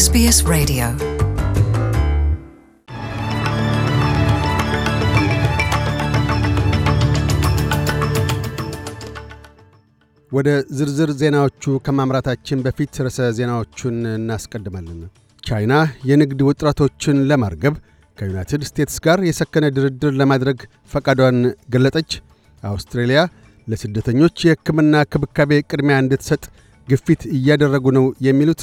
ኤስቢኤስ Radio. ወደ ዝርዝር ዜናዎቹ ከማምራታችን በፊት ርዕሰ ዜናዎቹን እናስቀድማለን። ቻይና የንግድ ውጥረቶችን ለማርገብ ከዩናይትድ ስቴትስ ጋር የሰከነ ድርድር ለማድረግ ፈቃዷን ገለጠች። አውስትሬሊያ ለስደተኞች የሕክምና ክብካቤ ቅድሚያ እንድትሰጥ ግፊት እያደረጉ ነው የሚሉት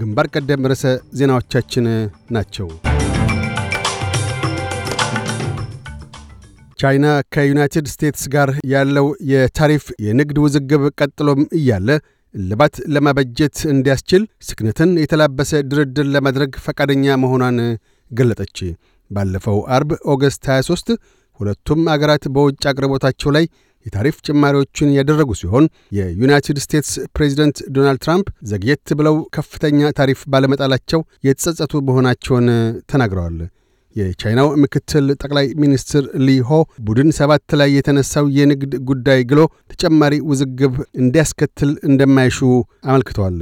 ግንባር ቀደም ርዕሰ ዜናዎቻችን ናቸው። ቻይና ከዩናይትድ ስቴትስ ጋር ያለው የታሪፍ የንግድ ውዝግብ ቀጥሎም እያለ እልባት ለማበጀት እንዲያስችል ስክነትን የተላበሰ ድርድር ለማድረግ ፈቃደኛ መሆኗን ገለጠች። ባለፈው አርብ ኦገስት 23 ሁለቱም አገራት በውጭ አቅርቦታቸው ላይ የታሪፍ ጭማሪዎችን ያደረጉ ሲሆን የዩናይትድ ስቴትስ ፕሬዚደንት ዶናልድ ትራምፕ ዘግየት ብለው ከፍተኛ ታሪፍ ባለመጣላቸው የተጸጸቱ መሆናቸውን ተናግረዋል። የቻይናው ምክትል ጠቅላይ ሚኒስትር ሊሆ ቡድን ሰባት ላይ የተነሳው የንግድ ጉዳይ ግሎ ተጨማሪ ውዝግብ እንዲያስከትል እንደማይሹ አመልክተዋል።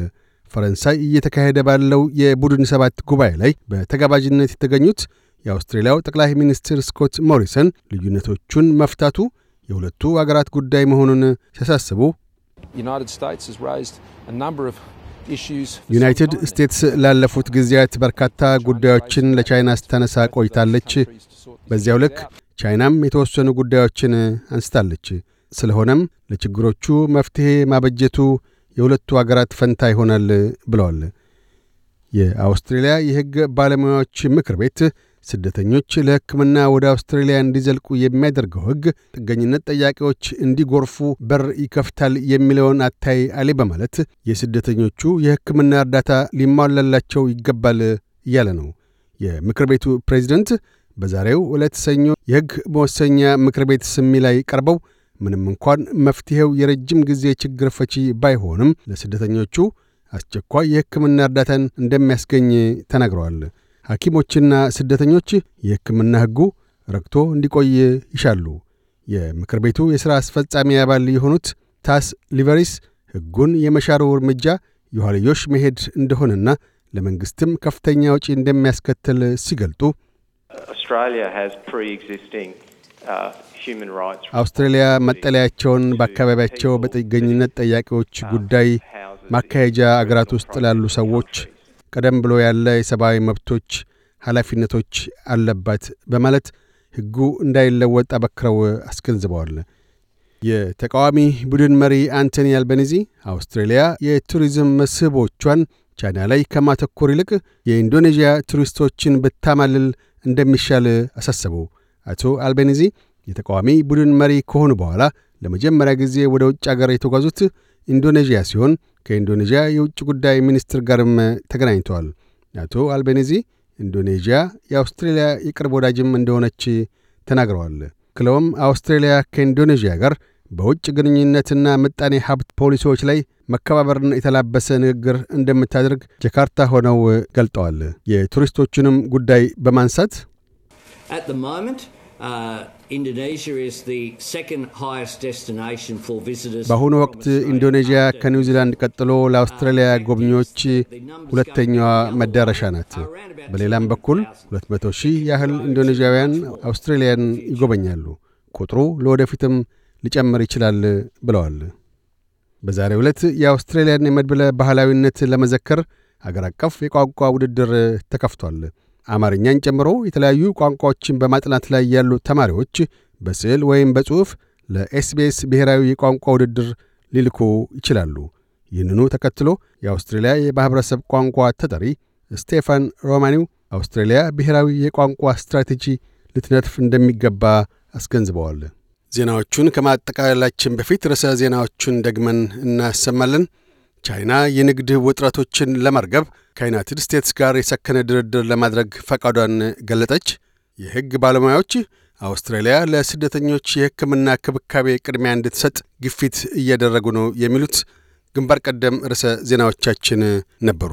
ፈረንሳይ እየተካሄደ ባለው የቡድን ሰባት ጉባኤ ላይ በተጋባዥነት የተገኙት የአውስትሬሊያው ጠቅላይ ሚኒስትር ስኮት ሞሪሰን ልዩነቶቹን መፍታቱ የሁለቱ አገራት ጉዳይ መሆኑን ሲያሳስቡ ዩናይትድ ስቴትስ ላለፉት ጊዜያት በርካታ ጉዳዮችን ለቻይና ስታነሳ ቆይታለች። በዚያው ልክ ቻይናም የተወሰኑ ጉዳዮችን አንስታለች። ስለሆነም ለችግሮቹ መፍትሔ ማበጀቱ የሁለቱ አገራት ፈንታ ይሆናል ብለዋል። የአውስትሬልያ የሕግ ባለሙያዎች ምክር ቤት ስደተኞች ለሕክምና ወደ አውስትራሊያ እንዲዘልቁ የሚያደርገው ሕግ ጥገኝነት ጠያቂዎች እንዲጎርፉ በር ይከፍታል የሚለውን አታይ አሌ በማለት የስደተኞቹ የሕክምና እርዳታ ሊሟላላቸው ይገባል እያለ ነው። የምክር ቤቱ ፕሬዚደንት በዛሬው ዕለት ሰኞ የሕግ መወሰኛ ምክር ቤት ስሚ ላይ ቀርበው ምንም እንኳን መፍትሔው የረጅም ጊዜ ችግር ፈቺ ባይሆንም ለስደተኞቹ አስቸኳይ የሕክምና እርዳታን እንደሚያስገኝ ተናግረዋል። ሐኪሞችና ስደተኞች የሕክምና ሕጉ ረግቶ እንዲቆይ ይሻሉ። የምክር ቤቱ የሥራ አስፈጻሚ አባል የሆኑት ታስ ሊቨሪስ ሕጉን የመሻሩ እርምጃ የኋልዮሽ መሄድ እንደሆነና ለመንግሥትም ከፍተኛ ወጪ እንደሚያስከትል ሲገልጡ uh, አውስትራሊያ መጠለያቸውን በአካባቢያቸው በጥገኝነት ጠያቂዎች uh, ጉዳይ ማካሄጃ አገራት ውስጥ ላሉ ሰዎች ቀደም ብሎ ያለ የሰብአዊ መብቶች ኃላፊነቶች አለባት በማለት ሕጉ እንዳይለወጥ አበክረው አስገንዝበዋል። የተቃዋሚ ቡድን መሪ አንቶኒ አልበኒዚ አውስትሬልያ የቱሪዝም መስህቦቿን ቻይና ላይ ከማተኮር ይልቅ የኢንዶኔዥያ ቱሪስቶችን ብታማልል እንደሚሻል አሳሰቡ። አቶ አልቤኒዚ የተቃዋሚ ቡድን መሪ ከሆኑ በኋላ ለመጀመሪያ ጊዜ ወደ ውጭ አገር የተጓዙት ኢንዶኔዥያ ሲሆን ከኢንዶኔዥያ የውጭ ጉዳይ ሚኒስትር ጋርም ተገናኝተዋል። አቶ አልቤኒዚ ኢንዶኔዥያ የአውስትሬልያ የቅርብ ወዳጅም እንደሆነች ተናግረዋል። ክለውም አውስትሬልያ ከኢንዶኔዥያ ጋር በውጭ ግንኙነትና ምጣኔ ሀብት ፖሊሲዎች ላይ መከባበርን የተላበሰ ንግግር እንደምታደርግ ጀካርታ ሆነው ገልጠዋል። የቱሪስቶቹንም ጉዳይ በማንሳት Uh, በአሁኑ ወቅት ኢንዶኔዥያ ከኒውዚላንድ ቀጥሎ ለአውስትራሊያ uh, ጎብኚዎች ሁለተኛዋ መዳረሻ ናት። uh, በሌላም በኩል 200 ሺህ ያህል ኢንዶኔዥያውያን አውስትራሊያን ይጎበኛሉ። ቁጥሩ ለወደፊትም ሊጨምር ይችላል ብለዋል። በዛሬ ዕለት የአውስትራሊያን የመድብለ ባህላዊነት ለመዘከር አገር አቀፍ የቋንቋ ውድድር ተከፍቷል። አማርኛን ጨምሮ የተለያዩ ቋንቋዎችን በማጥናት ላይ ያሉ ተማሪዎች በስዕል ወይም በጽሑፍ ለኤስቢኤስ ብሔራዊ የቋንቋ ውድድር ሊልኩ ይችላሉ። ይህንኑ ተከትሎ የአውስትሬልያ የማኅበረሰብ ቋንቋ ተጠሪ ስቴፋን ሮማኒው አውስትሬልያ ብሔራዊ የቋንቋ ስትራቴጂ ልትነድፍ እንደሚገባ አስገንዝበዋል። ዜናዎቹን ከማጠቃለላችን በፊት ርዕሰ ዜናዎቹን ደግመን እናሰማለን። ቻይና የንግድ ውጥረቶችን ለማርገብ ከዩናይትድ ስቴትስ ጋር የሰከነ ድርድር ለማድረግ ፈቃዷን ገለጠች። የሕግ ባለሙያዎች አውስትራሊያ ለስደተኞች የሕክምና ክብካቤ ቅድሚያ እንድትሰጥ ግፊት እያደረጉ ነው የሚሉት ግንባር ቀደም ርዕሰ ዜናዎቻችን ነበሩ።